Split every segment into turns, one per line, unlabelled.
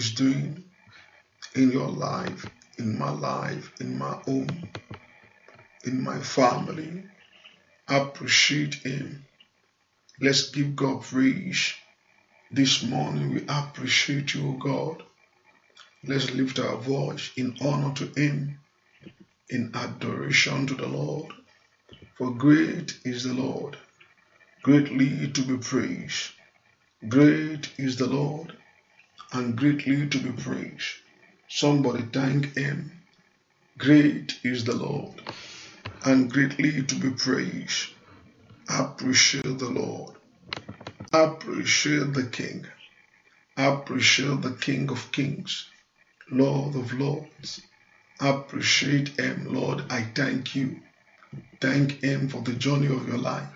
is doing in your life, in my life, in my home, in my family. Appreciate Him. Let's give God praise. This morning we appreciate you, God. Let's lift our voice in honor to Him, in adoration to the Lord. For great is the Lord, greatly to be praised. Great is the Lord, and greatly
to be praised. Somebody thank him. Great is the Lord and greatly to be praised. Appreciate the
Lord. Appreciate the King. Appreciate the King of Kings, Lord of Lords. Appreciate Him, Lord. I thank you. Thank Him for the journey of your life.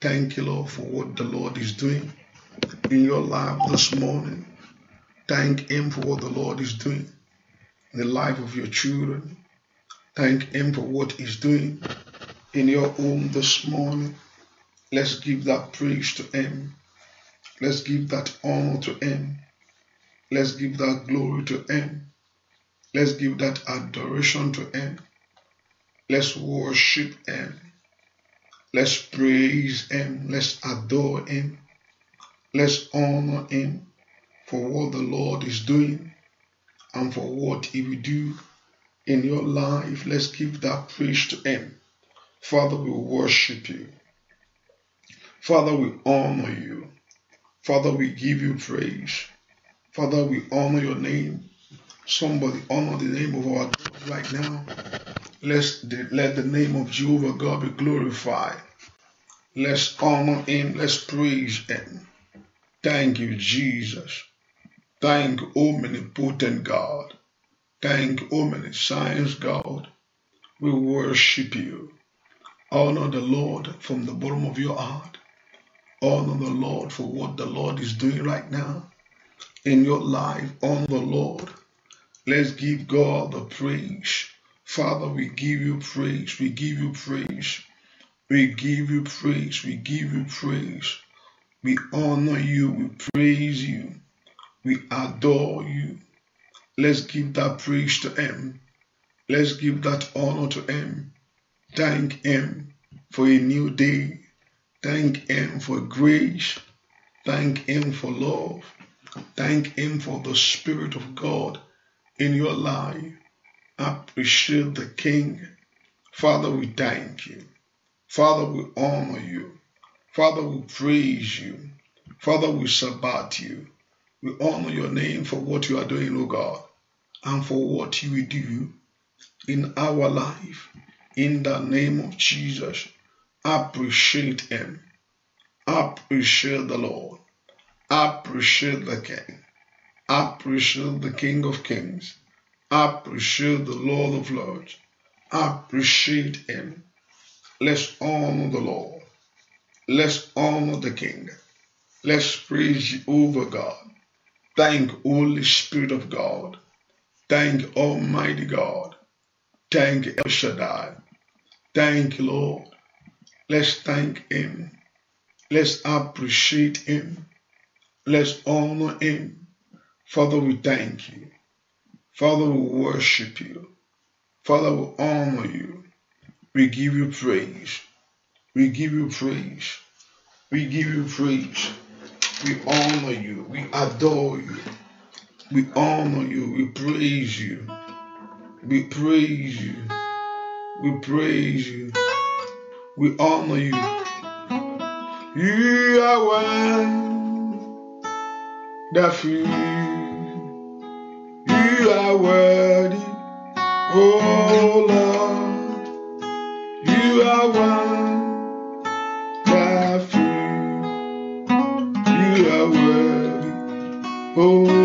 Thank you, Lord, for what the Lord is doing in your life this morning. Thank Him for what the Lord is doing in the life of your children. Thank Him for what He's doing in your home this morning. Let's give
that praise to Him. Let's give that honor to Him. Let's give that glory to Him. Let's give that adoration to Him. Let's worship Him. Let's praise Him. Let's
adore Him. Let's honor Him for what the Lord is doing and for what He will do in your life. Let's give
that praise to Him. Father, we worship you. Father, we honor you. Father, we give you praise. Father, we
honor your name. Somebody honor the name of our
God right now.
Let's let the name of Jehovah God be glorified. Let's honor him. Let's praise him. Thank you, Jesus. Thank omnipotent God. Thank omniscience God. We worship you. Honor the Lord from the bottom of your heart. Honor the Lord for what the Lord is doing right now in your life. Honor the Lord. Let's give God the praise. Father, we give you praise. We give you praise. We give you praise. We give you praise. We honor you. We praise you. We adore you. Let's give that praise to Him. Let's give that honor to Him. Thank Him for a new day. Thank Him for grace. Thank Him for love. Thank Him for the
Spirit of God in your life. Appreciate the King. Father, we thank you. Father, we honor you. Father, we
praise you. Father, we support you. We honor your name for what you are doing, O God, and for what you will do in our life. In the name of Jesus, appreciate Him. Appreciate the Lord. Appreciate the King. Appreciate the King of Kings. Appreciate the Lord of Lords. Appreciate Him. Let's honor the Lord. Let's honor the King. Let's praise over God. Thank Holy Spirit of God. Thank Almighty God. Thank El Shaddai. Thank Lord. Let's thank Him. Let's appreciate Him. Let's honor Him. Father, we
thank you. Father, we worship you. Father, we honor you.
We give you praise.
We give you praise. We give you praise. We honor you. We adore you. We honor you. We praise you. We praise you. We praise you. We honor you. You are one that free. You are worthy, oh Lord. You are one. Oh.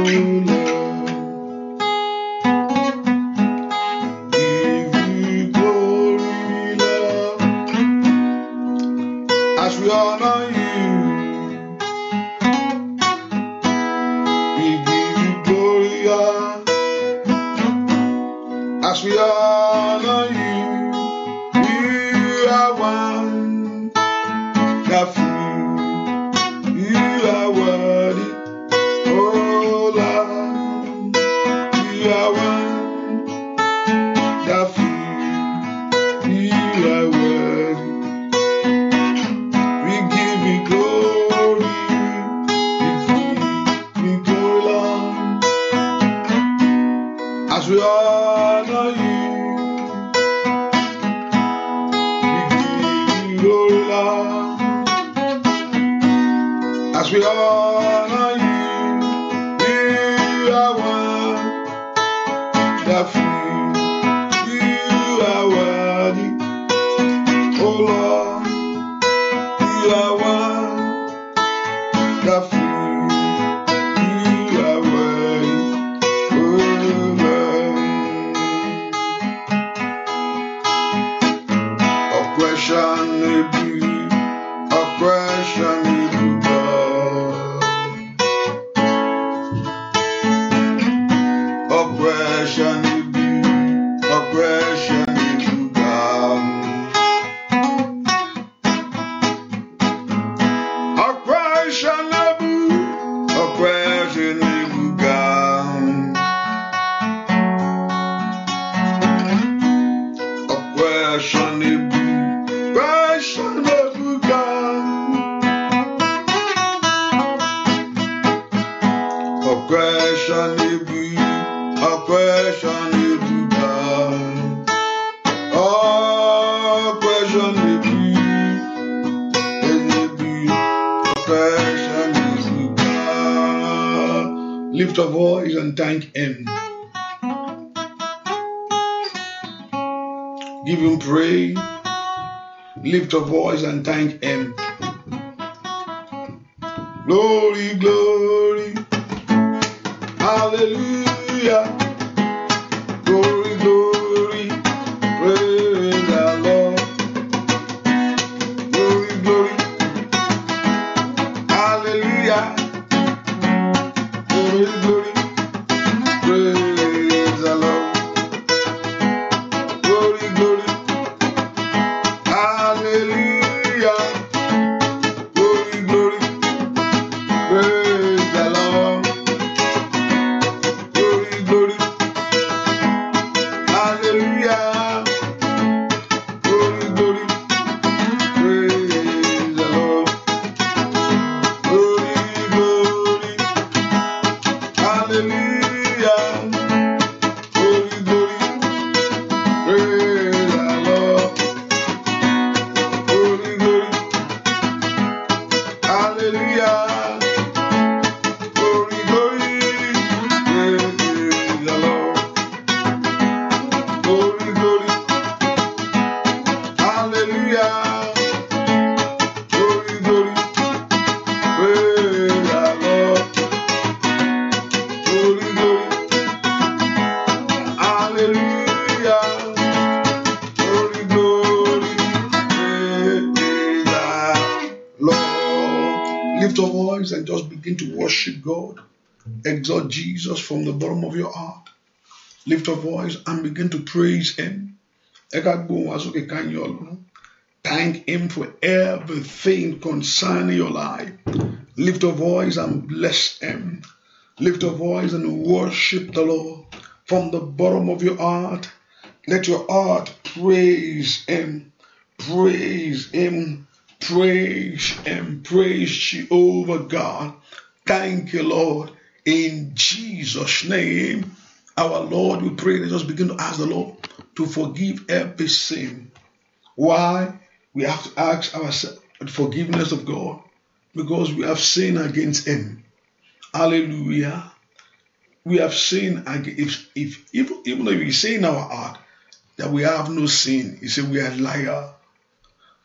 I feel.
To boys voice and thank Him. Jesus from the bottom of your heart. Lift your voice and begin to praise Him. Thank Him for everything concerning your life. Lift your voice and bless Him. Lift your voice and worship the Lord from the bottom of your heart. Let your heart praise Him. Praise Him. Praise Him. Praise Jehovah God. Thank you, Lord. In Jesus' name, our Lord, we pray. Let us begin to ask the Lord to forgive every sin. Why? We have to ask ourselves forgiveness of God because we have sinned against Him. Hallelujah. We have sinned if, if even, if though we say in our heart that we have no sin, you say we are liar.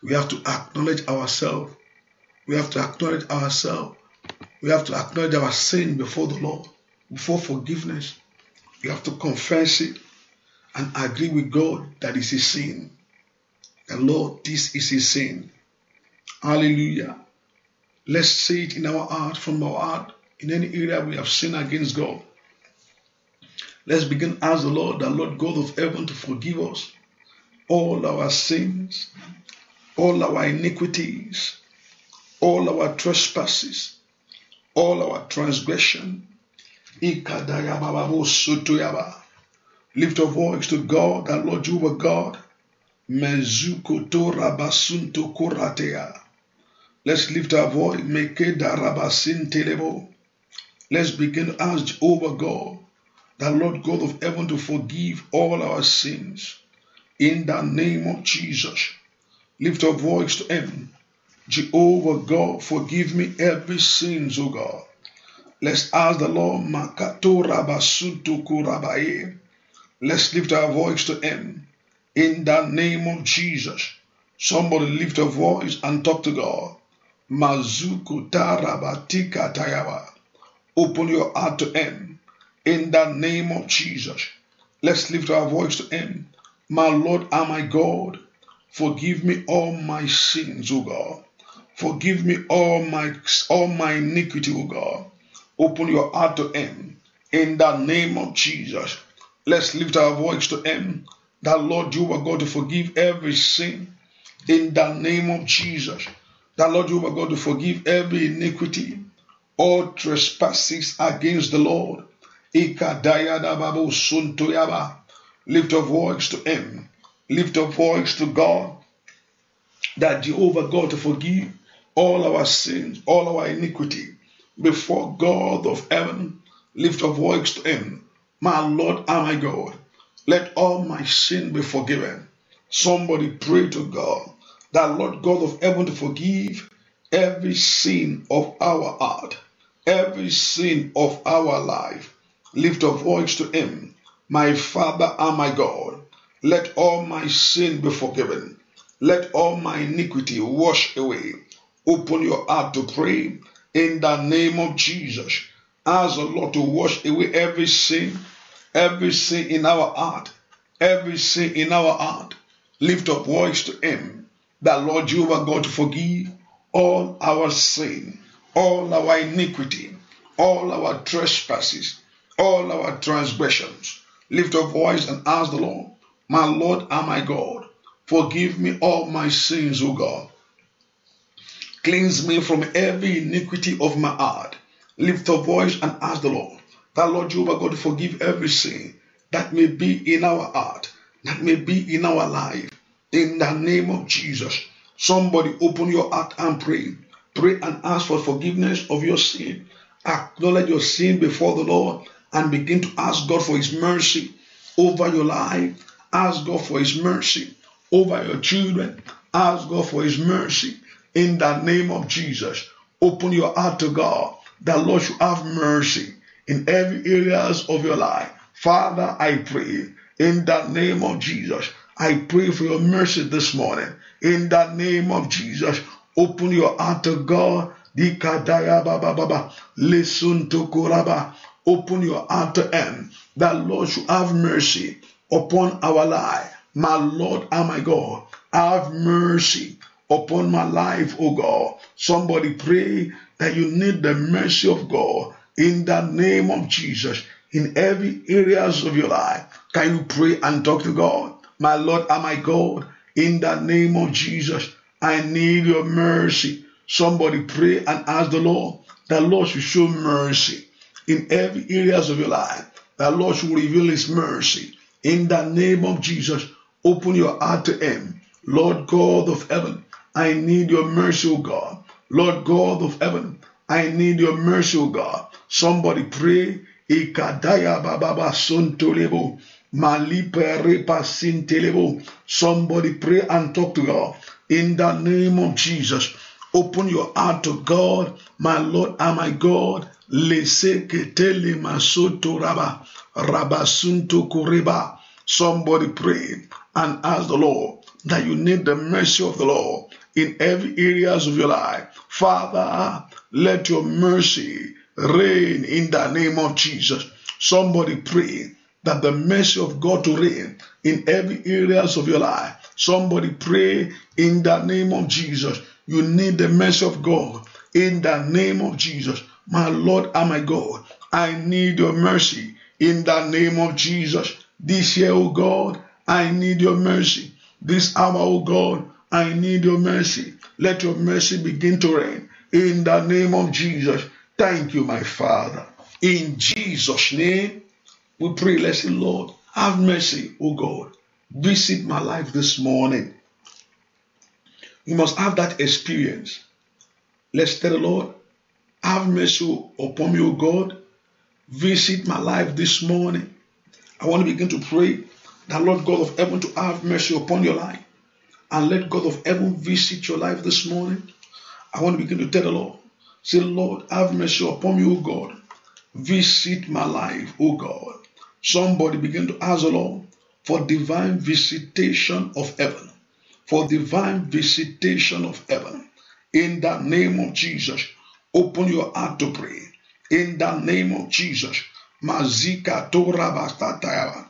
We have to acknowledge ourselves. We have to acknowledge ourselves we have to acknowledge our sin before the Lord, before forgiveness. We have to confess it and agree with God that is a sin. The Lord, this is a sin. Hallelujah. Let's say it in our heart, from our heart, in any area we have sinned against God. Let's begin ask the Lord, the Lord God of heaven, to forgive us all our sins, all our iniquities, all our trespasses, all our transgression. Lift your voice to God, that Lord Jehovah God. Let's lift our voice. Let's begin to ask Jehovah God, the Lord God of heaven, to forgive all our sins. In the name of Jesus, lift your voice to heaven. Jehovah God, forgive me every sins, O God. Let's ask the Lord, Makato Rabasutukurabaye. Let's lift our voice to Him in the name of Jesus. Somebody lift a voice and talk to God. Mazuku tarabatika tayawa. Open your heart to Him in the name of Jesus. Let's lift our voice to Him. My Lord and my God, forgive me all my sins, O God. Forgive me all my all my iniquity, O God. Open your heart to Him in the name of Jesus. Let's lift our voice to Him. That Lord, you are God to forgive every sin in the name of Jesus. That Lord, you are God to forgive every iniquity, all trespasses against the Lord. Lift your voice to Him. Lift your voice to God. That Jehovah God to forgive all our sins, all our iniquity before God of heaven. Lift your voice to Him. My Lord and my God, let all my sin be forgiven. Somebody pray to God that Lord God of heaven to forgive every sin of our heart, every sin of our life. Lift your voice to Him. My Father and my God, let all my sin be forgiven. Let all my iniquity wash away. Open your heart to pray in the name of Jesus. Ask the Lord to wash away every sin, every sin in our heart, every sin in our heart. Lift up voice to Him that Lord you are God to forgive all our sin, all our iniquity, all our trespasses, all our transgressions. Lift up voice and ask the Lord, My Lord and my God, forgive me all my sins, O God. Cleanse me from every iniquity of my heart. Lift a voice and ask the Lord that Lord Jehovah God forgive every sin that may be in our heart, that may be in our life. In the name of Jesus, somebody open your heart and pray. Pray and ask for forgiveness of your sin. Acknowledge your sin before the Lord and begin to ask God for His mercy over your life. Ask God for His mercy over your children. Ask God for His mercy in the name of Jesus. Open your heart to God that Lord should have mercy in every areas of your life. Father, I pray in the name of Jesus. I pray for your mercy this morning. In the name of Jesus, open your heart to God. Listen to Kuraba. Open your heart to Him. That Lord should have mercy upon our life. My Lord and my God, have mercy upon my life, oh God. Somebody pray that you need the mercy of God in the name of Jesus in every areas of your life. Can you pray and talk to God? My Lord and my God, in the name of Jesus, I need your mercy. Somebody pray and ask the Lord that Lord should show mercy in every areas of your life. That Lord should reveal his mercy. In the name of Jesus, open your heart to him. Lord God of heaven, I need your mercy, O God. Lord God of heaven, I need your mercy, O God. Somebody pray. Somebody pray and talk to God. In the name of Jesus, open your heart to God, my Lord and my God. Lese ketele masoto raba. Rabasunto kureba. Somebody pray and ask the Lord that you need the mercy of the Lord in every areas of your life. Father, let your mercy reign in the name of Jesus. Somebody pray that the mercy of God to reign in every areas of your life. Somebody pray in the name of Jesus. You need the mercy of God in the name of Jesus. My Lord and my God, I need your mercy in the name of Jesus. This year, O oh God, I need your mercy. This hour, O oh God, I need your mercy. Let your mercy begin to reign in the name of Jesus. Thank you, my Father. In Jesus' name, we pray, let's say, Lord, have mercy, O God. Visit my life this morning. You must have that experience. Let's tell the Lord, have mercy upon me, O God. Visit my life this morning. I want to begin to pray that Lord God of heaven to have mercy upon your life and let God of heaven visit your life this morning. I want to begin to tell the Lord, say, Lord, have mercy upon me, O God. Visit my life, O God. Somebody begin to ask the Lord for divine visitation of heaven, for divine visitation of heaven. In the name of Jesus, open your heart to pray. In the name of Jesus, Mazika Torah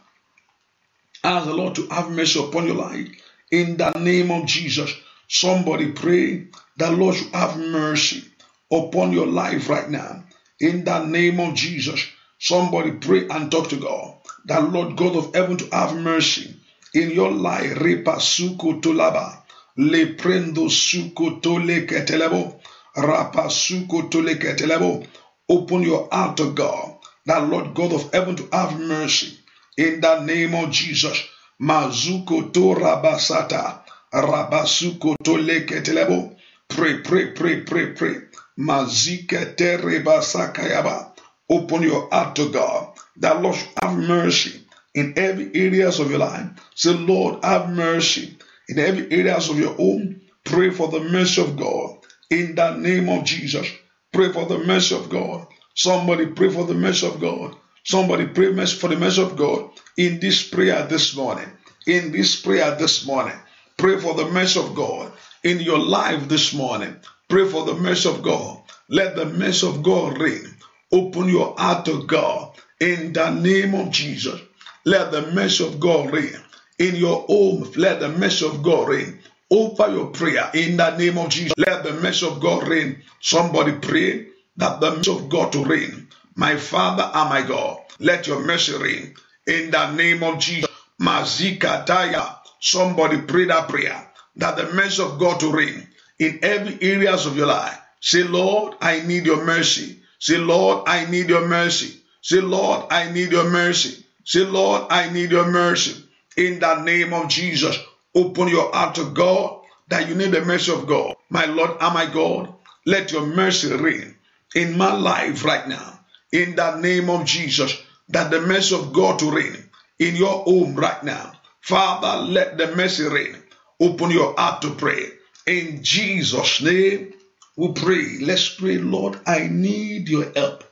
Ask the Lord to have mercy upon your life in the name of Jesus. Somebody pray that Lord should have mercy upon your life right now. In the name of Jesus, somebody pray and talk to God. That Lord God of heaven to have mercy in your life. Repa suko tolaba. Le prendo suko tole ketelebo. Rapa suko tole ketelebo. Open your heart to God. That Lord God of heaven to have mercy in the name of Jesus. Mazuko to rabasata. Rabasuko to leketelebo. Pray, pray, pray, pray, pray. Mazike terebasakayaba. Open your heart to God. That Lord have mercy in every areas of your life. Say, Lord, have mercy in every areas of your home. Pray for the mercy of God in the name of Jesus. Pray for the mercy of God. Somebody pray for the mercy of God Somebody pray for the mercy of God in this prayer this morning. In this prayer this morning. Pray for the mercy of God in your life this morning. Pray for the mercy of God. Let the mercy of God reign. Open your heart to God in the name of Jesus. Let the mercy of God reign. In your home, let the mercy of God reign. Open your prayer in the name of Jesus. Let the mercy of God reign. Somebody pray that the mercy of God to reign my Father and my God, let your mercy reign in the name of Jesus. Taya, Somebody pray that prayer that the mercy of God to reign in every areas of your life. Say, Lord, I need your mercy. Say, Lord, I need your mercy. Say, Lord, I need your mercy. Say, Lord, I need your mercy. In the name of Jesus, open your heart to God that you need the mercy of God. My Lord and my God, let your mercy reign in my life right now in the name of Jesus that the mercy of God to reign in your home right now. Father, let the mercy reign. Open your heart to pray. In Jesus' name, we pray. Let's pray, Lord, I need your help.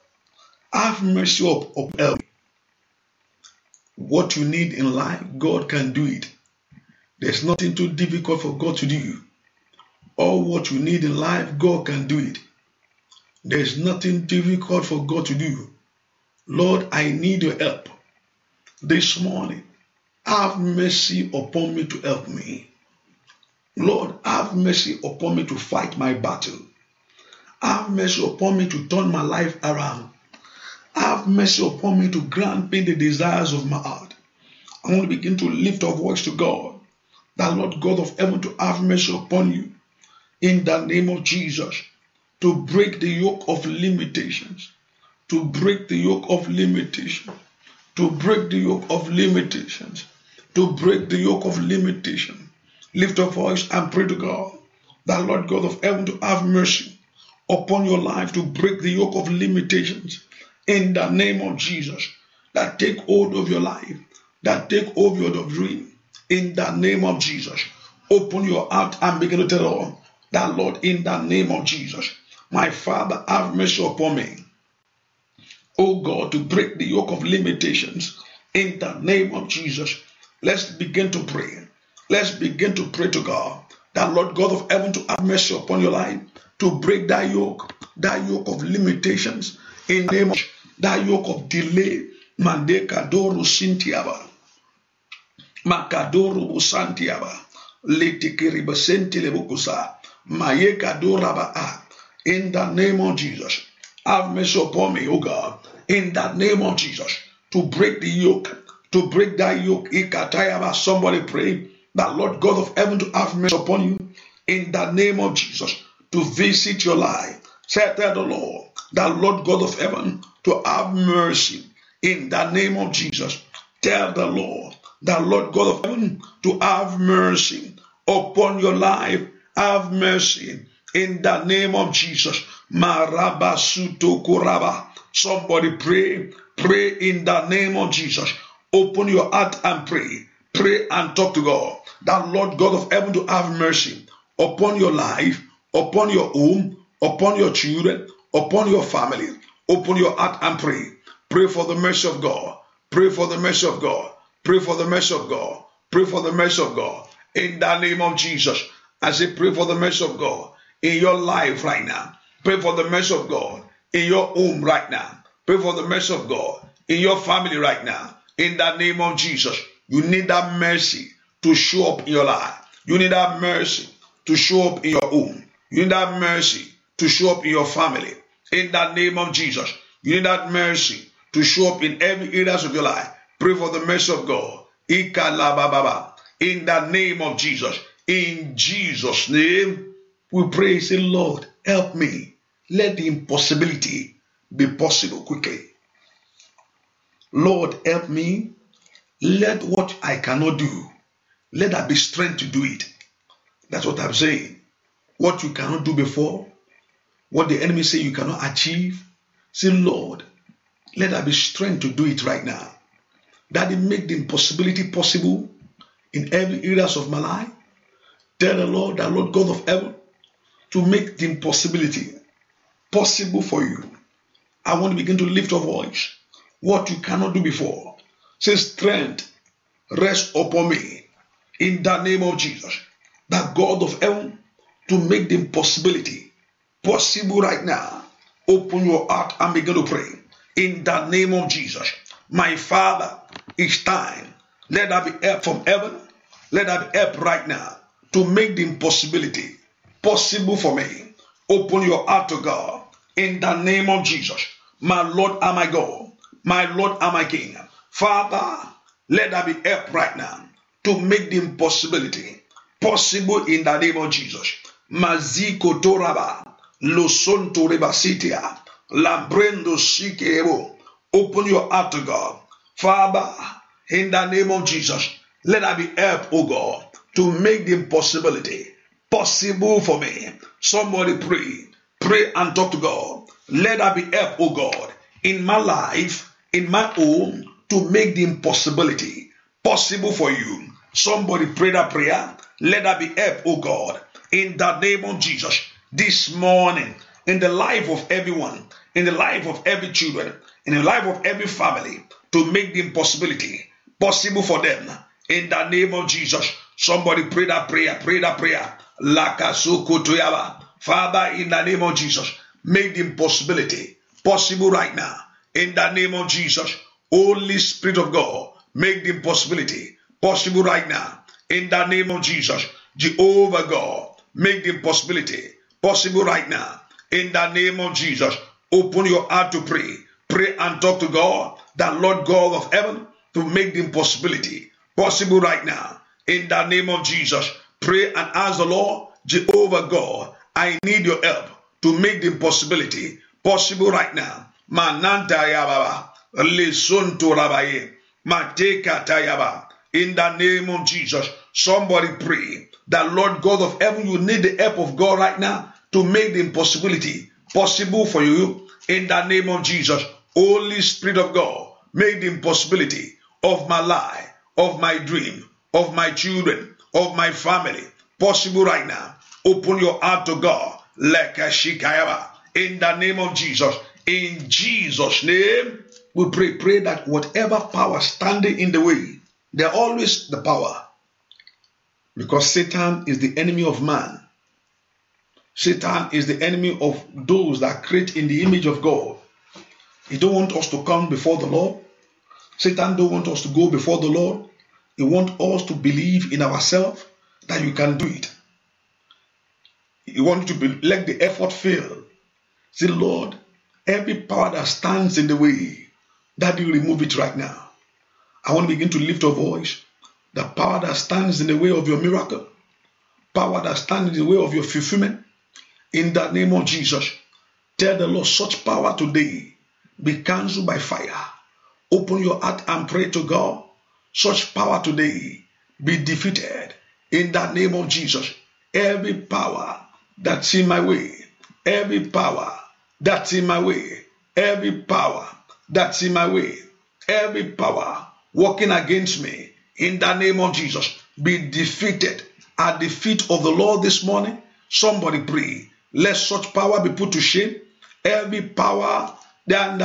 Have mercy upon help. What you need in life, God can do it. There's nothing too difficult for God to do. All what you need in life, God can do it. There is nothing difficult for God to do. Lord, I need your help. This morning, have mercy upon me to help me. Lord, have mercy upon me to fight my battle. Have mercy upon me to turn my life around. Have mercy upon me to grant me the desires of my heart. I want to begin to lift our voice to God, that Lord God of heaven, to have mercy upon you. In the name of Jesus, to break the yoke of limitations, to break the yoke of limitation, to break the yoke of limitations, to break the yoke of limitation. Lift your voice and pray to God that Lord God of heaven to have mercy upon your life to break the yoke of limitations in the name of Jesus that take hold of your life, that take hold of your dream in the name of Jesus. Open your heart and begin to tell all that Lord in the name of Jesus. My Father, have mercy upon me. Oh God, to break the yoke of limitations in the name of Jesus. Let's begin to pray. Let's begin to pray to God that Lord God of heaven to have mercy upon your life, to break that yoke, that yoke of limitations in the name of that yoke of delay. Mandeka sintiaba. Makadoru busantiaba. Litikiribasenti lebukusa. Mayeka doraba in the name of Jesus. Have mercy upon me, O God, in the name of Jesus, to break the yoke, to break that yoke. Somebody pray that Lord God of heaven to have mercy upon you in the name of Jesus, to visit your life. Say to the Lord, the Lord God of heaven, to have mercy in the name of Jesus. Tell the Lord, the Lord God of heaven, to have mercy upon your life. Have mercy in the name of Jesus. Marabasuto Somebody pray, pray in the name of Jesus. Open your heart and pray. Pray and talk to God. That Lord God of heaven to have mercy upon your life, upon your home, upon your children, upon your family. Open your heart and pray. Pray for the mercy of God. Pray for the mercy of God. Pray for the mercy of God. Pray for the mercy of God. In the name of Jesus, I say, pray for the mercy of God in your life right now. Pray for the mercy of God in your home right now. Pray for the mercy of God in your family right now. In the name of Jesus, you need that mercy to show up in your life. You need that mercy to show up in your home. You need that mercy to show up in your family. In the name of Jesus, you need that mercy to show up in every areas of your life. Pray for the mercy of God. In the name of Jesus. In Jesus' name. We pray, say, Lord, help me. Let the impossibility be possible quickly. Lord, help me. Let what I cannot do, let there be strength to do it. That's what I'm saying. What you cannot do before, what the enemy say you cannot achieve, say, Lord, let there be strength to do it right now. That it make the impossibility possible in every areas of my life. Tell the Lord, the Lord God of heaven, to make the impossibility possible for you. I want to begin to lift your voice. What you cannot do before. Say, strength, rest upon me in the name of Jesus, the God of heaven, to make the impossibility possible right now. Open your heart and begin to pray in the name of Jesus. My Father, it's time. Let there be help from heaven. Let there be help right now to make the impossibility possible for me. Open your heart to God in the name of Jesus. My Lord and my God, my Lord and my King. Father, let there be help right now to make the impossibility possible in the name of Jesus. Maziko Toraba, Loson Sitia. Labrendo Sikebo. Open your heart to God. Father, in the name of Jesus, let there be help, O God, to make the impossibility possible for me. Somebody pray. Pray and talk to God. Let there be help, oh God, in my life, in my home, to make the impossibility possible for you. Somebody pray that prayer. Let there be help, oh God, in the name of Jesus. This morning, in the life of everyone, in the life of every children, in the life of every family, to make the impossibility possible for them. In the name of Jesus, somebody pray that prayer, pray that prayer. Lakasukutoyaba. Father, in the name of Jesus, make the impossibility possible right now. In the name of Jesus, Holy Spirit of God, make the impossibility possible right now. In the name of Jesus, Jehovah God, make the impossibility possible right now. In the name of Jesus, open your heart to pray. Pray and talk to God, the Lord God of heaven, to make the impossibility possible right now. In the name of Jesus, Pray and ask the Lord, Jehovah God, I need your help to make the impossibility possible right now. Mananta yababa, listen to rabaye, mateka tayaba. In the name of Jesus, somebody pray that Lord God of heaven, you need the help of God right now to make the impossibility possible for you. In the name of Jesus, Holy Spirit of God, make the impossibility of my life, of my dream, of my children, of my family possible right now. Open your heart to God. In the name of Jesus. In Jesus' name, we pray. Pray that whatever power standing in the way, they're always the power. Because Satan is the enemy of man. Satan is the enemy of those that create in the image of God. He don't want us to come before the Lord. Satan don't want us to go before the Lord. He wants us to believe in ourselves that you can do it. He wants you to be, let the effort fail. Say, Lord, every power that stands in the way, that you remove it right now. I want to begin to lift a voice. The power that stands in the way of your miracle, power that stands in the way of your fulfillment, in the name of Jesus, tell the Lord such power today be cancelled by fire. Open your heart and pray to God such power today be defeated in the name of Jesus. Every power that's in my way, every power that's in my way, every power that's in my way, every power working against me in the name of Jesus be defeated at the feet of the Lord this morning. Somebody pray, let such power be put to shame. Every power blocking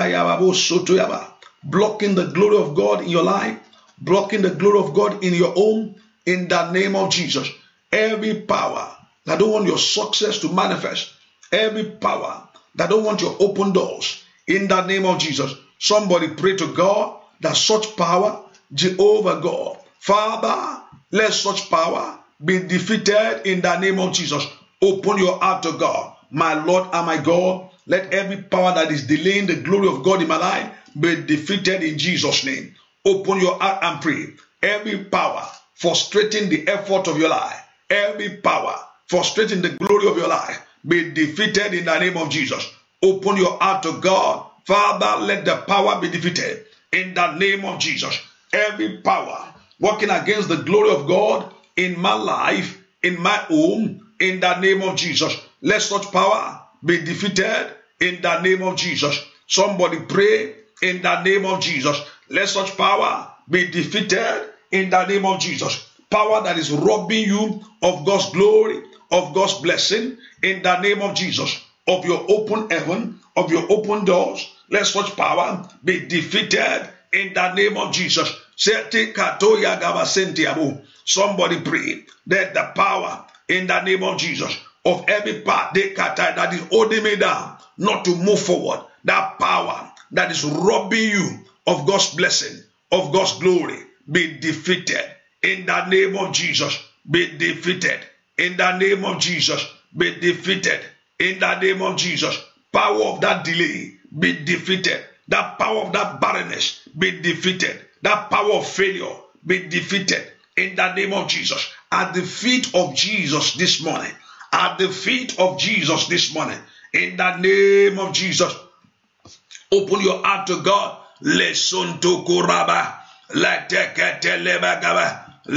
the glory of God in your life, blocking the glory of God in your home in the name of Jesus. Every power that don't want your success to manifest, every power that don't want your open doors in the name of Jesus. Somebody pray to God that such power, Jehovah God, Father, let such power be defeated in the name of Jesus. Open your heart to God, my Lord and my God. Let every power that is delaying the glory of God in my life be defeated in Jesus' name. Open your heart and pray. Every power frustrating the effort of your life, every power frustrating the glory of your life, be defeated in the name of Jesus. Open your heart to God. Father, let the power be defeated in the name of Jesus. Every power working against the glory of God in my life, in my home, in the name of Jesus. Let such power be defeated in the name of Jesus. Somebody pray in the name of Jesus. Let such power be defeated in the name of Jesus. Power that is robbing you of God's glory, of God's blessing, in the name of Jesus, of your open heaven, of your open doors. Let such power be defeated in the name of Jesus. Somebody pray that the power in the name of Jesus of every part that is holding me down, not to move forward, that power that is robbing you of God's blessing, of God's glory be defeated in the name of Jesus. Be defeated in the name of Jesus. Be defeated in the name of Jesus. Power of that delay be defeated. That power of that barrenness be defeated. That power of failure be defeated in the name of Jesus. At the feet of Jesus this morning. At the feet of Jesus this morning. In the name of Jesus. Open your heart to God lesontokoraba lateketelebagaba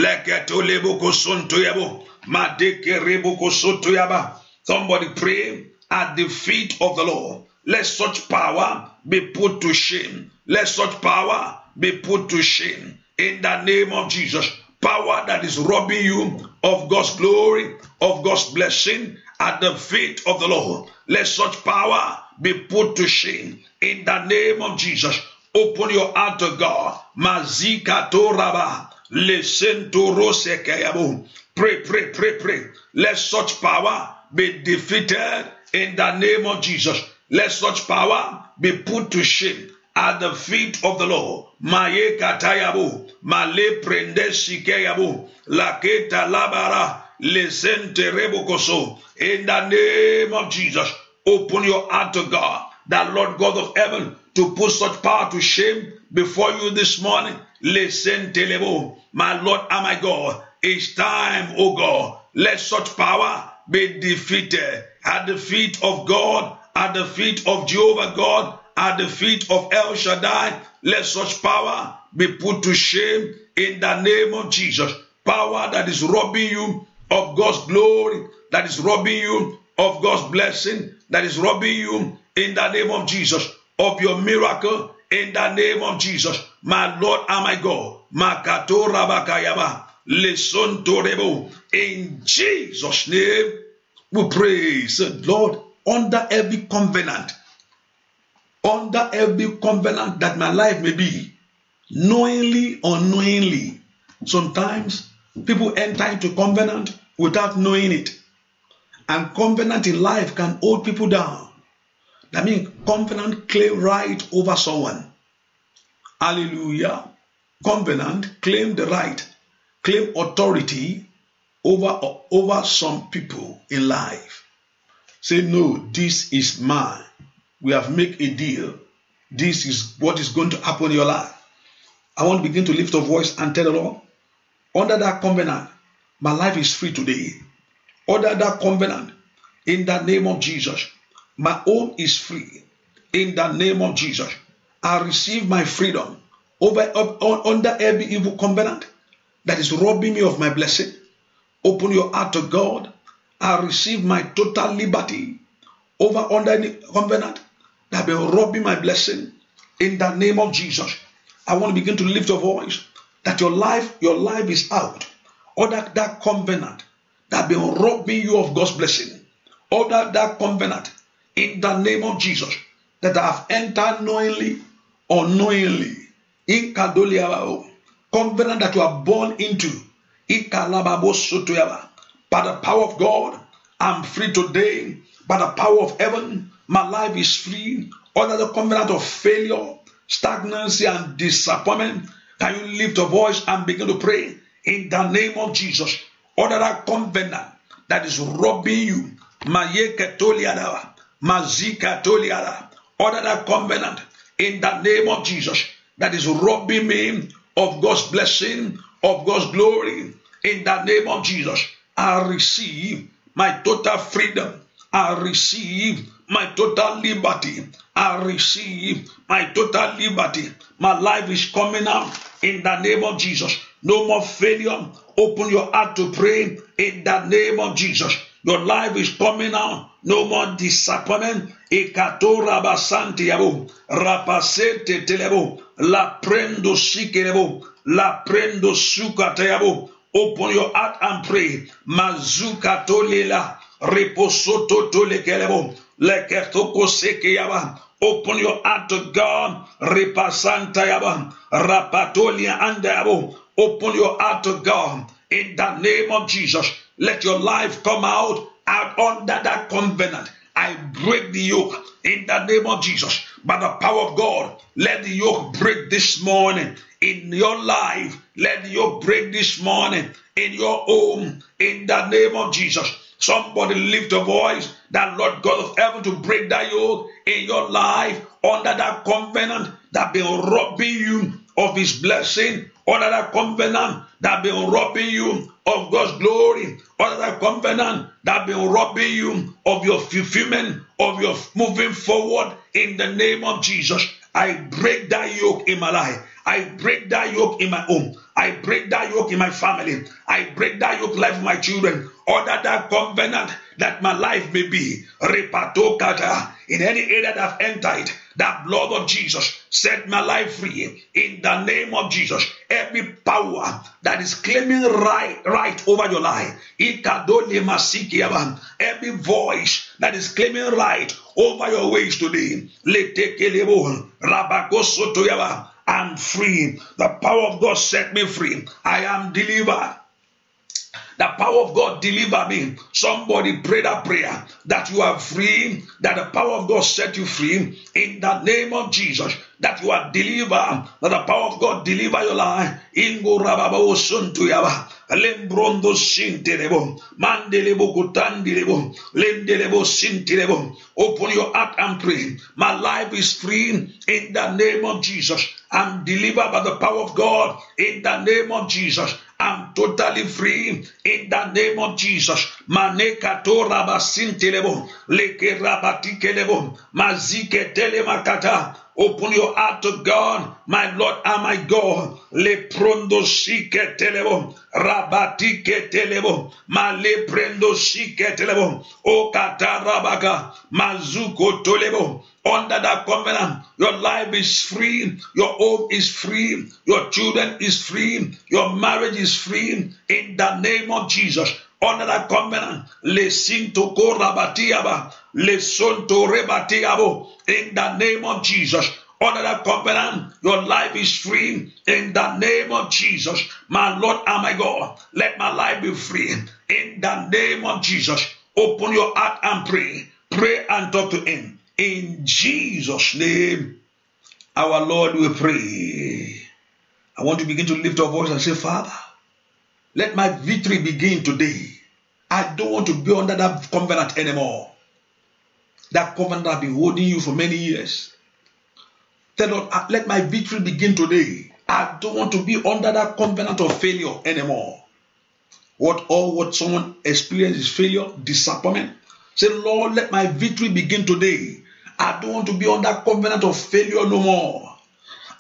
leketolebukosuntoyabo madekerebukosuntoyaba somebody pray at the feet of the lord let such power be put to shame let such power be put to shame in the name of jesus power that is robbing you of god's glory of god's blessing at the feet of the lord let such power be put to shame in the name of jesus Open your heart to God. Mazika toraba. Listen to Rosekeyabu. Pray, pray, pray, pray. Let such power be defeated in the name of Jesus. Let such power be put to shame at the feet of the Lord. Maye katayabu, male prende shikeyabu, laketa labara, lesente rebokoso. In the name of Jesus, open your heart to God, the Lord God of heaven, to put such power to shame before you this morning. Listen, Telebo, my Lord and my God, it's time, O God, let such power be defeated at the feet of God, at the feet of Jehovah God, at the feet of El Shaddai. Let such power be put to shame in the name of Jesus. Power that is robbing you of God's glory, that is robbing you of God's blessing, that is robbing you in the name of Jesus of your miracle in the name of Jesus. My Lord and my God. Makato Rabakayaba. Listen to Rebo. In Jesus' name, we praise Lord under every covenant. Under every covenant that my life may be, knowingly or unknowingly. Sometimes people enter into covenant without knowing it. And covenant in life can hold people down. That means covenant claim right over someone. Hallelujah. Covenant claim the right, claim authority over, over some people in life. Say, no, this is mine. We have made a deal. This is what is going to happen in your life. I want to begin to lift a voice and tell the Lord, under that covenant, my life is free today. Under that covenant, in the name of Jesus, my own is free in the name of Jesus. I receive my freedom over up, under every evil covenant that is robbing me of my blessing. Open your heart to God. I receive my total liberty over under any covenant that been robbing my blessing in the name of Jesus. I want to begin to lift your voice that your life, your life is out. All that, that covenant that been robbing you of God's blessing. All that, that covenant in the name of Jesus that I have entered knowingly or unknowingly in Kadoliabao, covenant that you are born into in By the power of God, I'm free today. By the power of heaven, my life is free. Under the covenant of failure, stagnancy, and disappointment, can you lift your voice and begin to pray in the name of Jesus? Under that covenant that is robbing you, Maye Ketoliadawa. Mazika Toliara, order that covenant in the name of Jesus that is robbing me of God's blessing, of God's glory. In the name of Jesus, I receive my total freedom. I receive my total liberty. I receive my total liberty. My life is coming out in the name of Jesus. No more failure. Open your heart to pray in the name of Jesus. Your life is coming out. No more disappointment. Ikato Basanti yabo. Rapasete telebo. La prendo sikelebo. La prendo sukate yabo. Open your heart and pray. reposo lela. Reposoto tolekelebo. le seke yaba. Open your heart to God. Repasanta yaba. Rapatolia yabo. Open your heart to God. In the name of Jesus. Let your life come out, out under that covenant. I break the yoke in the name of Jesus. By the power of God, let the yoke break this morning in your life. Let the yoke break this morning in your home in the name of Jesus. Somebody lift a voice that Lord God of heaven to break that yoke in your life under that covenant that been robbing you of his blessing all other covenant that been robbing you of God's glory, all other covenant that been robbing you of your fulfillment, of your moving forward in the name of Jesus. I break that yoke in my life. I break that yoke in my home. I break that yoke in my family. I break that yoke life of my children. All that, covenant that my life may be. Repatokata. In any area that I've entered, that blood of Jesus set my life free in the name of Jesus. Every power that is claiming right, right over your life, every voice that is claiming right over your ways today, I'm free. The power of God set me free. I am delivered. The power of God deliver me. Somebody pray that prayer that you are free, that the power of God set you free in the name of Jesus. That you are delivered, that the power of God deliver your life. Ingo rababo suntuyaba. Lembrondo sintelebo. Mandelebo kutandelebo. Lendelebo sintelebo. Open your heart and pray. My life is free in the name of Jesus. I'm delivered by the power of God in the name of Jesus. I'm totally free in the name of Jesus. Manekato rabasin telebo, leke rabati kelebo, mazike telemakata, Open your heart to God. My Lord and my God. Le prondo shike telebo. Rabati ke telebo. Ma le prendo shike telebo. O kata katarabaka. Mazuko tolebo. Under that covenant, your life is free, your home is free, your children is free, your marriage is free. In the name of Jesus, under that covenant, le sinto ko rabati rabatiaba. Lesonto rebatiabo. In the name of Jesus. Under that covenant, your life is free in the name of Jesus. My Lord and my God, let my life be free in the name of Jesus. Open your heart and pray. Pray and talk to Him. In Jesus' name, our Lord, will pray. I want to begin to lift our voice and say, Father, let my victory begin today. I don't want to be under that covenant anymore. That covenant I've been holding you for many years. Tell Lord, ah, let my victory begin today. I don't want to be under that covenant of failure anymore. What all what someone experiences is failure, disappointment. Say, Lord, let my victory begin today. I don't want to be under covenant of failure no more.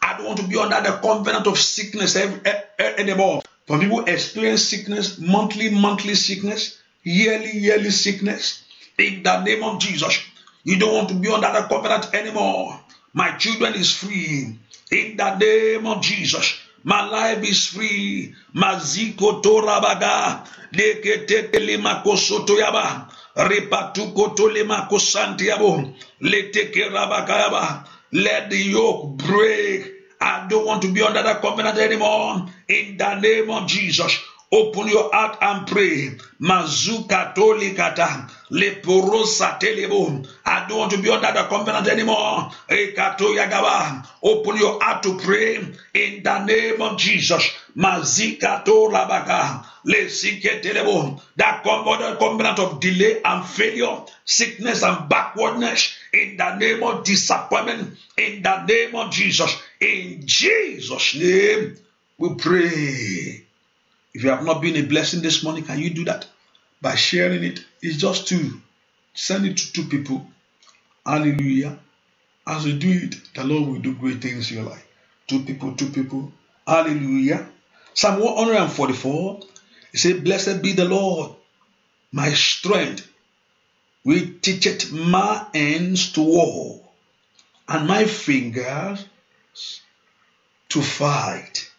I don't want to be under the covenant of sickness anymore. For people experience sickness, monthly, monthly sickness, yearly, yearly sickness. In the name of Jesus, You don't want to be under the covenant anymore. My children is free. In the name of Jesus. My life is free. Maziko torabaga. Lekete lemakosoto yaba. Repatuko to lemakosantiabo. Leteke rabagayaba. Let the yoke break. I don't want to be under the covenant anymore. In the name of Jesus. Open your heart and pray. Mazuka tolikata leporosa telebo. I don't want to be under the covenant anymore. Ekato yagaba. Open your heart to pray in the name of Jesus. Mazika tolabaka telebo. That covenant of delay and failure, sickness and backwardness. In the name of disappointment. In the name of Jesus. In Jesus' name, we pray. If you have not been a blessing this morning, can you do that? By sharing it, it's just to send it to two people. Hallelujah. As you do it, the Lord will do great things in your life. Two people, two people. Hallelujah. Psalm 144, it says, Blessed be the Lord, my strength, teach it my hands to war, and my fingers to fight.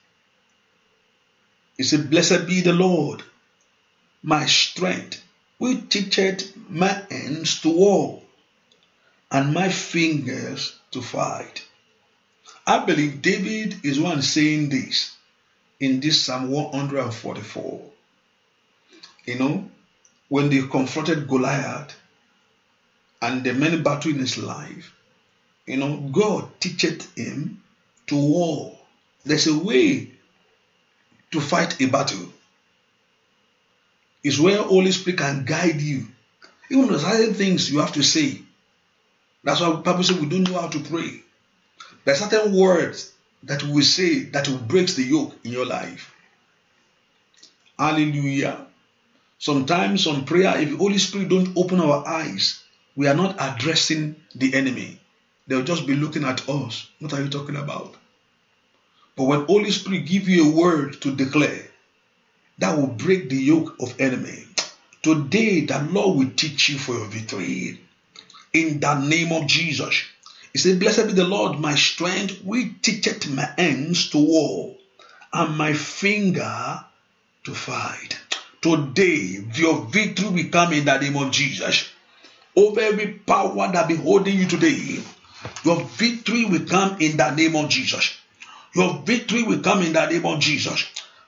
He said, Blessed be the Lord, my strength, which teacheth my hands to war and my fingers to fight. I believe David is one saying this in this Psalm 144. You know, when they confronted Goliath and the many battles in his life, you know, God teacheth him to war. There's a way to fight a battle. It's where Holy Spirit can guide you. Even the certain things you have to say. That's why people say we don't know how to pray. There are certain words that we say that will break the yoke in your life. Hallelujah. Sometimes on prayer, if Holy Spirit don't open our eyes, we are not addressing the enemy. They'll just be looking at us. What are you talking about? But when Holy Spirit give you a word to declare, that will break the yoke of enemy. Today, the Lord will teach you for your victory. In the name of Jesus. He said, Blessed be the Lord, my strength, which teacheth my hands to war, and my finger to fight. Today, your victory will come in the name of Jesus. Over every power that be holding you today, your victory will come in the name of Jesus. Your victory will come in the name of Jesus.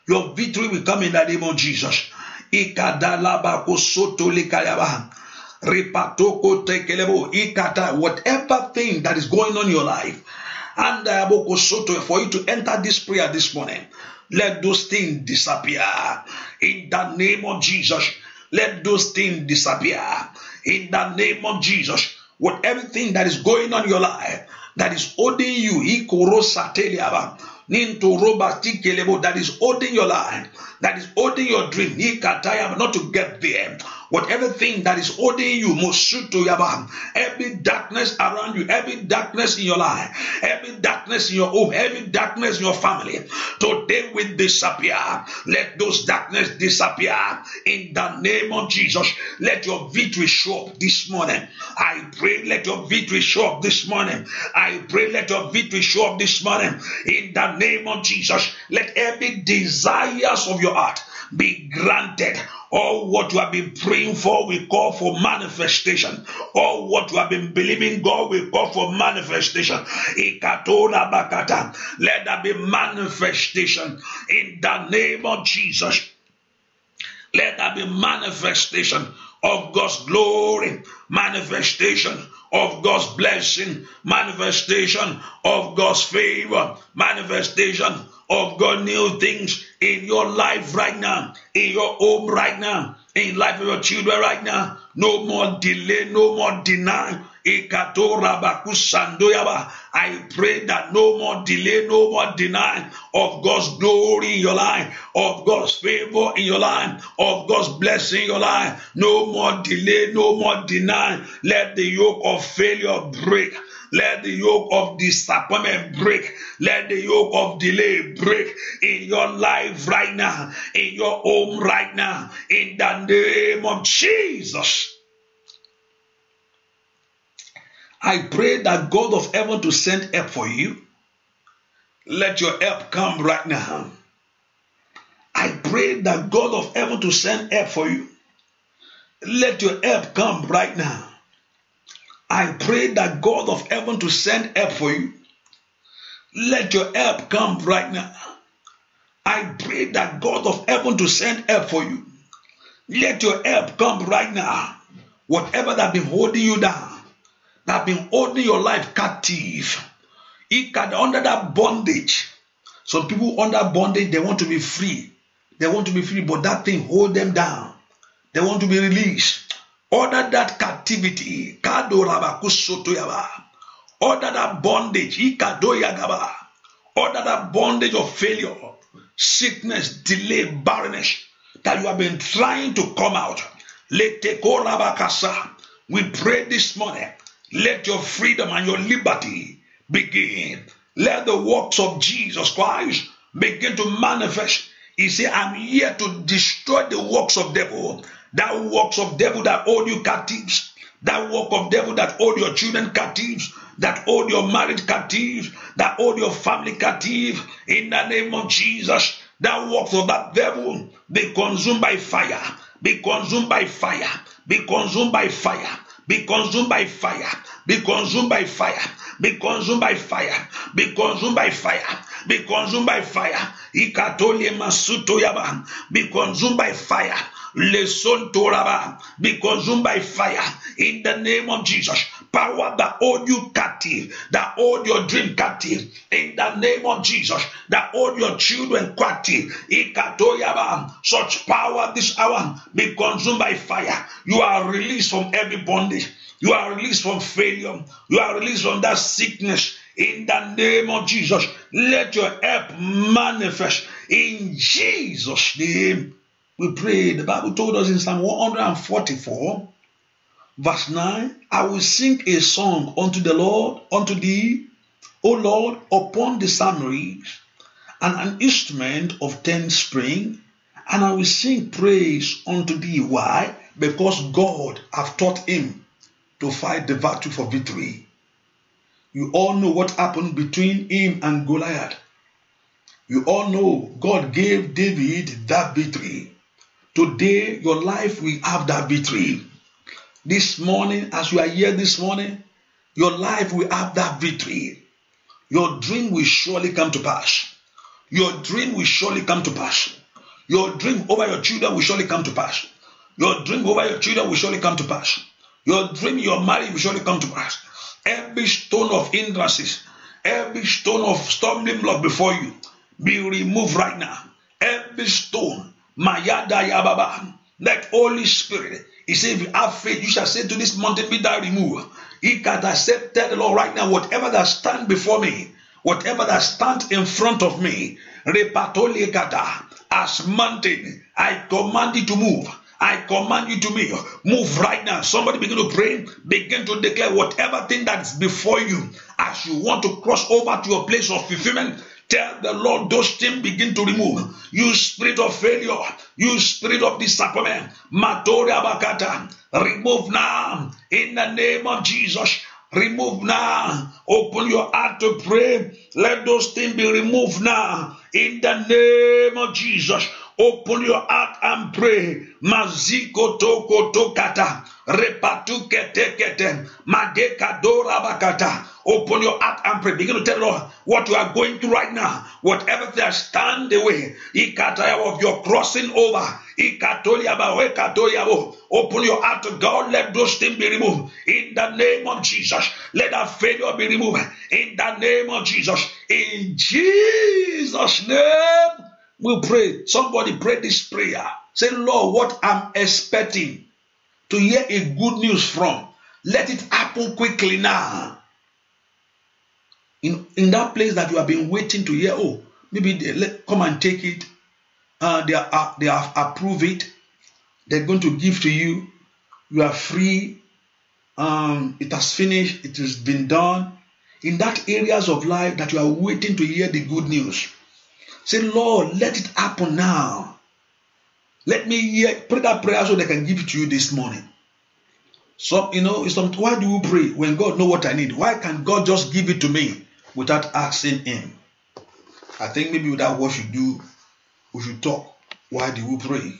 Your victory will come in the name of Jesus. Whatever thing that is going on in your life, and for you to enter this prayer this morning, let those things disappear in the name of Jesus. Let those things disappear in the name of Jesus. With everything that is going on in your life, that is holding you ikoro sateliaba into roba tikelebo that is holding your life that is holding your dream ikatayama not to get there Whatever thing that is holding you, to your Yaba, every darkness around you, every darkness in your life, every darkness in your home, every darkness in your family, today will disappear. Let those darkness disappear in the name of Jesus. Let your victory show up this morning. I pray, let your victory show up this morning. I pray, let your victory show up this morning in the name of Jesus. Let every desires of your heart be granted all what you have been praying for, we call for manifestation. All what you have been believing God, we call for manifestation. Let there be manifestation in the name of Jesus. Let there be manifestation of God's glory, manifestation of God's blessing, manifestation of God's favor, manifestation of God new things in your life right now, in your home right now, in life of your children right now. No more delay, no more denial. I pray that no more delay, no more deny of God's glory in your life, of God's favor in your life, of God's blessing in your life. No more delay, no more deny. Let the yoke of failure break. Let the yoke of disappointment break. Let the yoke of delay break in your life right now, in your home right now, in the name of Jesus. I pray that God of heaven to send help for you. Let your help come right now. I pray that God of heaven to send help for you. Let your help come right now. I pray that God of heaven to send help for you. Let your help come right now. I pray that God of heaven to send help for you. Let your help come right now. Whatever that been holding you down, that have been holding your life captive. It got under that bondage. Some people under bondage, they want to be free. They want to be free, but that thing hold them down. They want to be released. Order that captivity. Order that bondage. Order that bondage of failure, sickness, delay, barrenness that you have been trying to come out. We pray this morning let your freedom and your liberty begin. Let the works of Jesus Christ begin to manifest. He said, I'm here to destroy the works of devil. That works of devil that hold you captives. That work of devil that hold your children captives. That hold your marriage captives. That hold your family captive. In the name of Jesus. That works of that devil be consumed by fire. Be consumed by fire. Be consumed by fire be consumed by fire. Be consumed by fire. Be consumed by fire. Be consumed by fire. Be consumed by fire. Ikatole masuto yaba. Be consumed by fire. Lesson to Be consumed by fire. In the name of Jesus power that hold you captive, that hold your dream captive, in the name of Jesus, that hold your children captive. Such power this hour be consumed by fire. You are released from every bondage. You are released from failure. You are released from that sickness. In the name of Jesus, let your help manifest. In Jesus' name, we pray. The Bible told us in Psalm 144 Verse 9 I will sing a song unto the Lord, unto thee, O Lord, upon the samaries, and an instrument of ten string, and I will sing praise unto thee. Why? Because God have taught him to fight the battle for victory. You all know what happened between him and Goliath. You all know God gave David that victory. Today, your life will have that victory. This morning, as you are here this morning, your life will have that victory. Your dream will surely come to pass. Your dream will surely come to pass. Your dream over your children will surely come to pass. Your dream over your children will surely come to pass. Your dream, your marriage will surely come to pass. Every stone of hindrances, every stone of stumbling block before you, be removed right now. Every stone, Mayada Yababa, that Holy Spirit he said, if you have faith, you shall say to this mountain, be thou removed. He can accept that, Lord, right now, whatever that stand before me, whatever that stand in front of me, repatolegada, as mountain, I command you to move. I command you to move. Move right now. Somebody begin to pray. Begin to declare whatever thing that's before you. As you want to cross over to your place of fulfillment, Tell the Lord those things begin to remove. You spirit of failure, you spirit of disappointment, Matoria Bakata, remove now in the name of Jesus. Remove now. Open your heart to pray. Let those things be removed now in the name of Jesus. Open your heart and pray. Maziko toko tokata. Repatu kete kete. Madeka dora Open your heart and pray. Begin to tell Lord what you are going through right now. Whatever that stand the way. Ikataya of your crossing over. Ikatolia bawe katolia bo. Open your heart to God. Let those things be removed. In the name of Jesus. Let that failure be removed. In the name of Jesus. In Jesus' name we pray. Somebody pray this prayer. Say, Lord, what I'm expecting to hear a good news from, let it happen quickly now. In, in that place that you have been waiting to hear, oh, maybe they let, come and take it. Uh, they, are, uh, they have approved it. They're going to give to you. You are free. Um, it has finished. It has been done. In that areas of life that you are waiting to hear the good news, Say, Lord, let it happen now. Let me hear, pray that prayer so they can give it to you this morning. Some, you know, some, why do we pray when God know what I need? Why can God just give it to me without asking Him? I think maybe without what you do. We should talk. Why do we pray?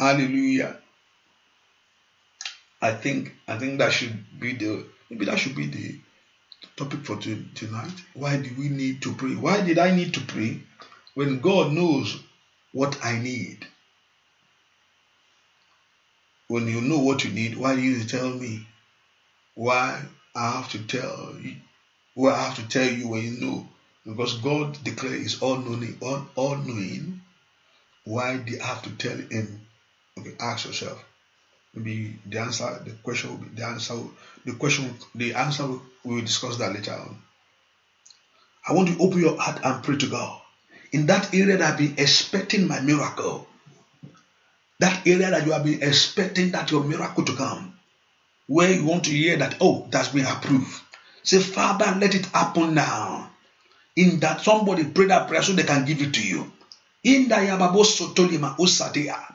Hallelujah. I think I think that should be the maybe that should be the topic for tonight. Why do we need to pray? Why did I need to pray when God knows what I need? When you know what you need, why do you tell me? Why I have to tell you? Why I have to tell you when you know? Because God declares is all knowing, all, all knowing. Why do you have to tell Him? Okay, ask yourself maybe the answer, the question will be the answer, the question, the answer we will discuss that later on. I want to open your heart and pray to God. In that area that I've been expecting my miracle, that area that you have been expecting that your miracle to come, where you want to hear that, oh, that's been approved. Say, Father, let it happen now. In that somebody pray that prayer so they can give it to you. In the Yababo Sotolima Usadea.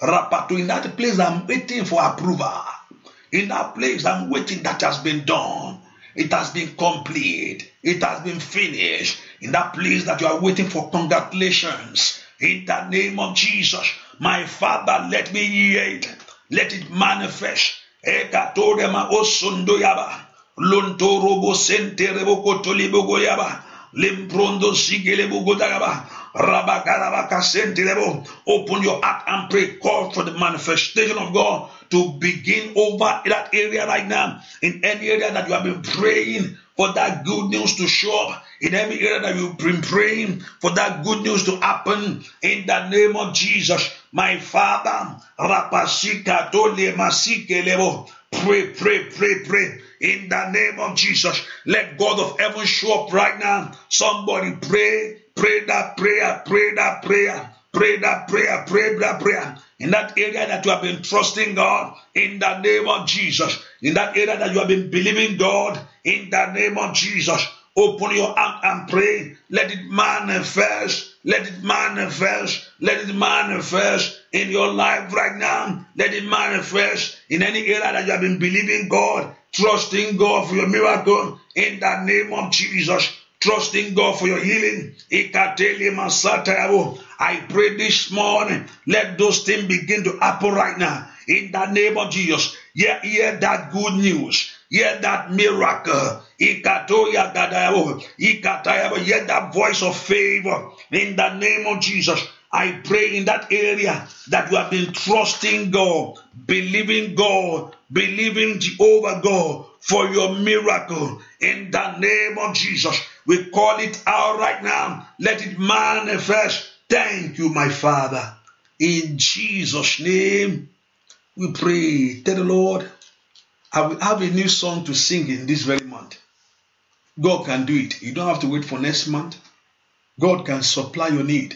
Rapato, in that place, I'm waiting for approval. In that place, I'm waiting that has been done. It has been complete. It has been finished. In that place that you are waiting for, congratulations. In the name of Jesus, my Father, let me hear it. Let it manifest. Ekatorema osondoyaba. Lontorobo senterebo kotolibogoyaba. Lemprondo sigelebogodagaba. Open your heart and pray. Call for the manifestation of God to begin over that area right now. In any area that you have been praying for that good news to show up, in any area that you've been praying for that good news to happen, in the name of Jesus, my Father, pray, pray, pray, pray. In the name of Jesus, let God of heaven show up right now. Somebody pray Pray that prayer, pray that prayer, pray that prayer, pray that prayer. In that area that you have been trusting God, in the name of Jesus. In that area that you have been believing God, in the name of Jesus. Open your heart and pray. Let it manifest. Let it manifest. Let it manifest in your life right now. Let it manifest in any area that you have been believing God, trusting God for your miracle. In the name of Jesus trusting God for your healing. I pray this morning, let those things begin to happen right now. In the name of Jesus, hear, hear that good news. Hear that miracle. Hear that voice of favor. In the name of Jesus, I pray in that area that you have been trusting God, believing God, believing Jehovah God for your miracle. In the name of Jesus, we call it out right now. Let it manifest. Thank you, my Father. In Jesus' name, we pray. Tell the Lord, I will have a new song to sing in this very month. God can do it. You don't have to wait for next month. God can supply your need.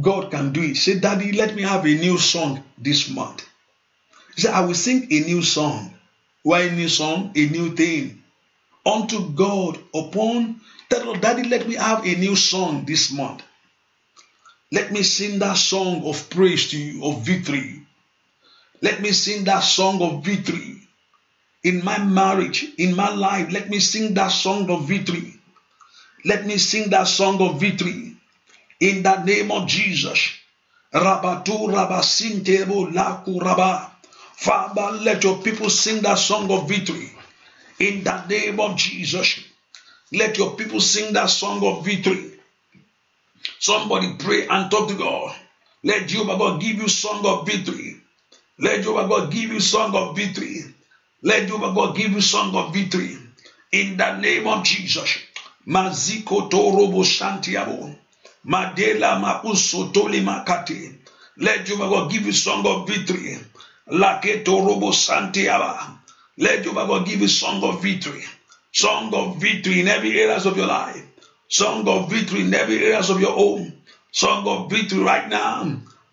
God can do it. Say, Daddy, let me have a new song this month. Say, I will sing a new song. Why a new song? A new thing unto God upon that Daddy, let me have a new song this month. Let me sing that song of praise to you, of victory. Let me sing that song of victory in my marriage, in my life. Let me sing that song of victory. Let me sing that song of victory in the name of Jesus. Father, let your people sing that song of victory. In the name of Jesus, let your people sing that song of victory. Somebody pray and talk to God. Let Jehovah God give you song of victory. Let Jehovah God give you song of victory. Let Jehovah God give you song of victory. In the name of Jesus. Maziko torobo shantiabo. Madela mauso toli makati. Let Jehovah God give you song of victory. Laketo robo santiaba. Let Jehovah God give you song of victory. Song of victory in every areas of your life. Song of victory in every areas of your home. Song of victory right now.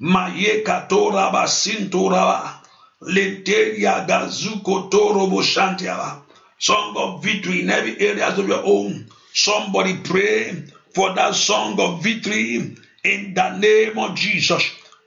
Mayeka toraba sintoraba. Leteria gazuko torobo shantiaba. Song of victory in every areas of your home. Somebody pray for that song of victory in the name of Jesus.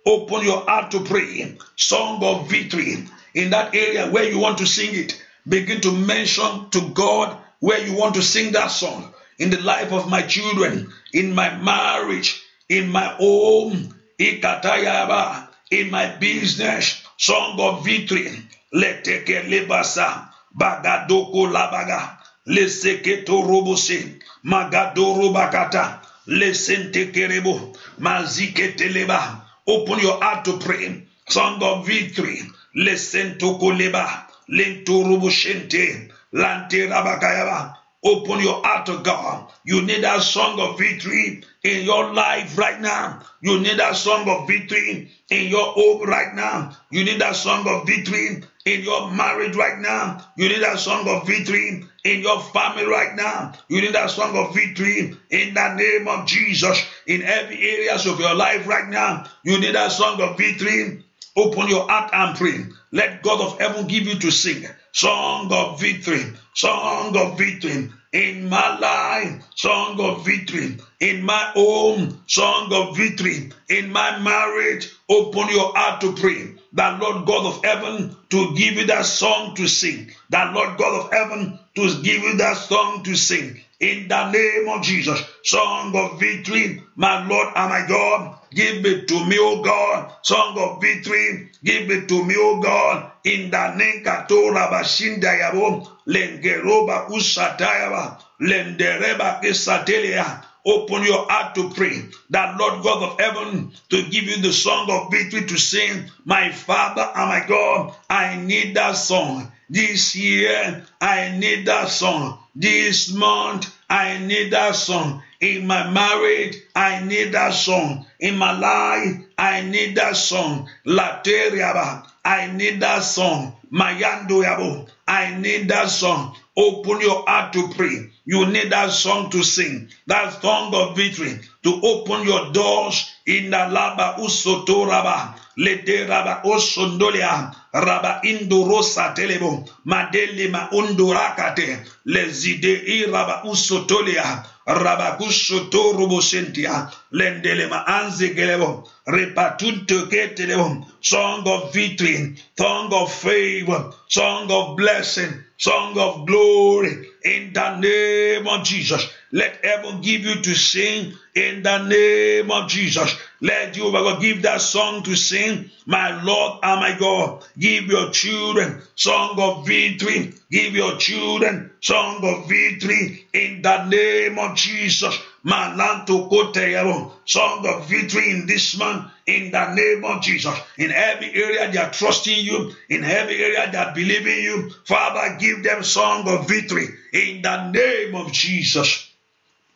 Open your heart to pray. Song of victory in that area where you want to sing it. Begin to mention to God where you want to sing that song in the life of my children, in my marriage, in my home, in my business. Song of victory. Let take lebasa bagadoko labaga leseketo robose magadoro bakata lesentekerebo teleba. Open your heart to pray. Song of victory. Lesentokoleba, Lentorubushente, Lanterabagayaba. Open your heart to God. You need that song of victory in your life right now. You need that song of victory in your home right now. You need that song of victory in your marriage right now. You need that song of victory in your family right now. You need that song of victory in the name of Jesus in every areas of your life right now. You need that song of victory Open your heart and pray. Let God of heaven give you to sing. Song of victory. Song of victory. In my life, song of victory. In my home, song of victory. In my marriage, open your heart to pray. That Lord God of heaven to give you that song to sing. That Lord God of heaven to give you that song to sing. In the name of Jesus, song of victory, my Lord and my God, Give it to me, O God. Song of victory. Give it to me, O God. In the name Katora Bashindayabo. Lengeroba Usatayaba. Lendereba Isatelia. Open your heart to pray that Lord God of heaven to give you the song of victory to sing, My Father and my God, I need that song. This year, I need that song. This month, I need that song. In my marriage, I need that song. In my life, I need that song. Lateriaba, I need that song. Mayando yabo, I need that song. Open your heart to pray. You need that song to sing. That song of victory to open your doors in the laba usotoraba. Lede raba osondolia raba indurosa telebo madele ma undorakate lezide iraba usotolia rabakushoto roboshentia lendele maanze gelebo repatunte ketelebo song of victory song of favor song of blessing song of glory in the name of Jesus Let heaven give you to sing in the name of Jesus. Let you, my oh God, give that song to sing. My Lord and my God, give your children song of victory. Give your children song of victory in the name of Jesus. to Koteyabo, song of victory in this man, in the name of Jesus. In every area they are trusting you, in every area they are believing you. Father, give them song of victory in the name of Jesus.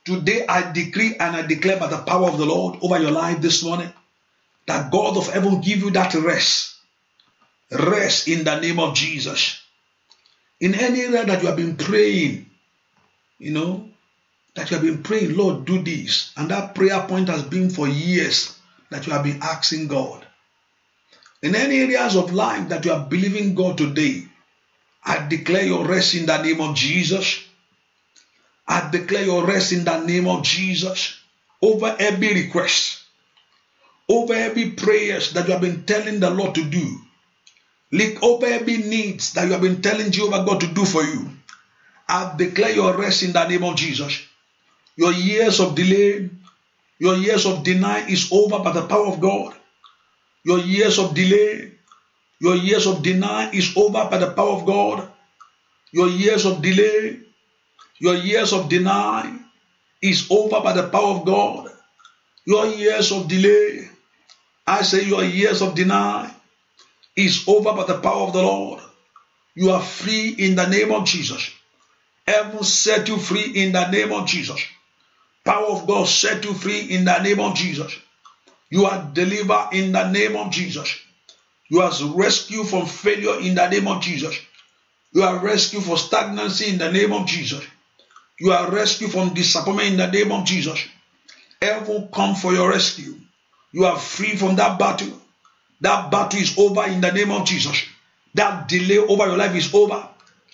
Today I decree and I declare by the power of the Lord over your life this morning that God of heaven will give you that rest. Rest in the name of Jesus. In any area that you have been praying, you know, that you have been praying, Lord, do this. And that prayer point has been for years that you have been asking God. In any areas of life that you are believing God today, I declare your rest in the name of Jesus. I declare your rest in the name of Jesus over every request, over every prayers that you have been telling the Lord to do. Look over every needs that you have been telling Jehovah God to do for you. I declare your rest in the name of Jesus. Your years of delay, your years of denial is over by the power of God. Your years of delay, your years of denial is over by the power of God. Your years of delay, your years of denial is over by the power of God. Your years of delay, I say, your years of denial is over by the power of the Lord. You are free in the name of Jesus. Heaven set you free in the name of Jesus. Power of God set you free in the name of Jesus. You are delivered in the name of Jesus. You are rescued from failure in the name of Jesus. You are rescued from stagnancy in the name of Jesus. You are rescued from disappointment in the name of Jesus. Heaven come for your rescue. You are free from that battle. That battle is over in the name of Jesus. That delay over your life is over.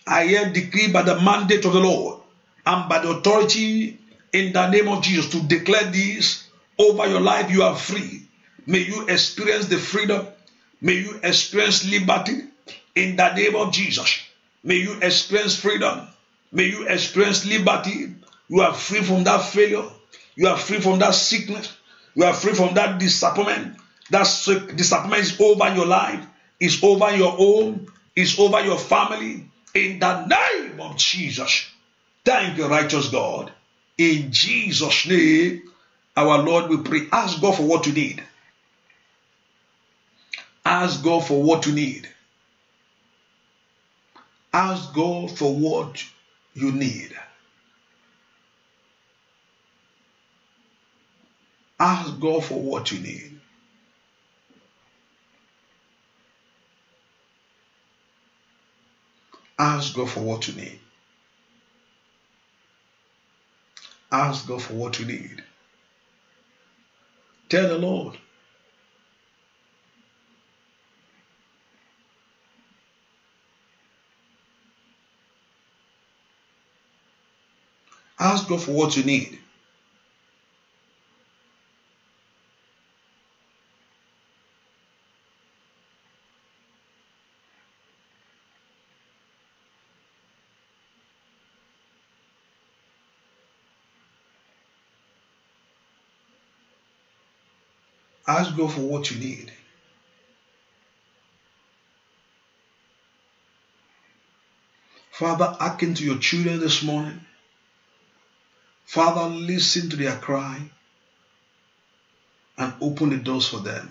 I am decreed by the mandate of the Lord and by the authority in the name of Jesus to declare this over your life. You are free. May you experience the freedom. May you experience liberty in the name of Jesus. May you experience freedom May you experience liberty. You are free from that failure. You are free from that sickness. You are free from that disappointment. That disappointment is over your life, it's over your home, it's over your family. In the name of Jesus. Thank you, righteous God. In Jesus' name, our Lord, we pray. Ask God for what you need. Ask God for what you need. Ask God for what you need. Ask God for what you need. Ask God for what you need. Ask God for what you need. Tell the Lord, Ask God for what you need. Ask God for what you need. Father, hearken to your children this morning. Father, listen to their cry and open the doors for them.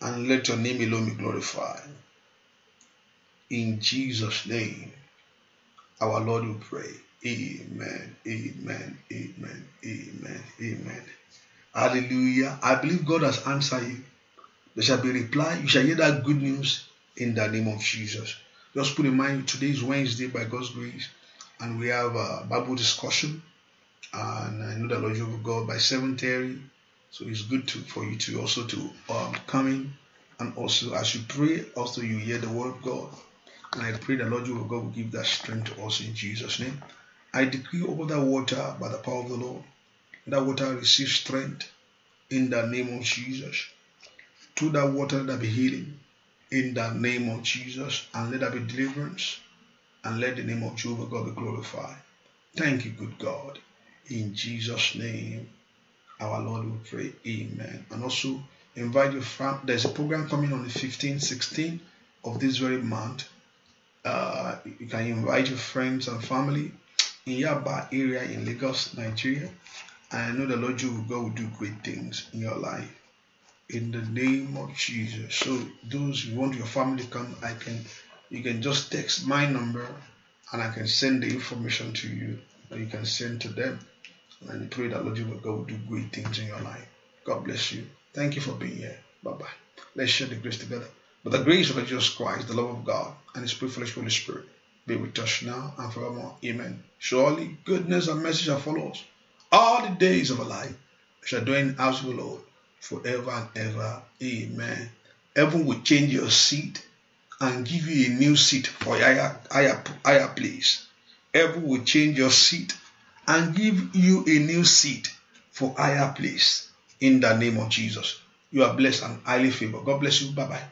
And let your name alone be glorified. In Jesus' name, our Lord we pray. Amen. Amen. Amen. Amen. Amen. Hallelujah. I believe God has answered you. There shall be reply. You shall hear that good news in the name of Jesus. Just put in mind today is Wednesday by God's grace and we have a Bible discussion. And I know the Lord you God by 7:30, so it's good to, for you to also to um, come in and also as you pray, also you hear the word of God. And I pray the Lord your God will give that strength to us in Jesus' name. I decree over that water by the power of the Lord. That water receive strength in the name of Jesus. To that water that be healing in the name of Jesus, and let there be deliverance and let the name of Jehovah God be glorified. Thank you, good God. In Jesus' name, our Lord, we pray. Amen. And also invite your friends. There's a program coming on the 15th, 16th of this very month. Uh, you can invite your friends and family in Yaba area in Lagos, Nigeria. And I know the Lord Jehovah God will do great things in your life. In the name of Jesus. So those who want your family to come, I can you can just text my number and I can send the information to you and you can send to them. And pray that Lord, you will do great things in your life. God bless you. Thank you for being here. Bye bye. Let's share the grace together. But the grace of Jesus Christ, the love of God, and His privileged Holy Spirit be with us now and forevermore. Amen. Surely goodness and mercy shall follow us all the days of our life. shall dwell in the house of the Lord forever and ever. Amen. Heaven will change your seat and give you a new seat for higher, higher, higher place. Heaven will change your seat and give you a new seat for higher place in the name of Jesus. You are blessed and highly favored. God bless you. Bye bye.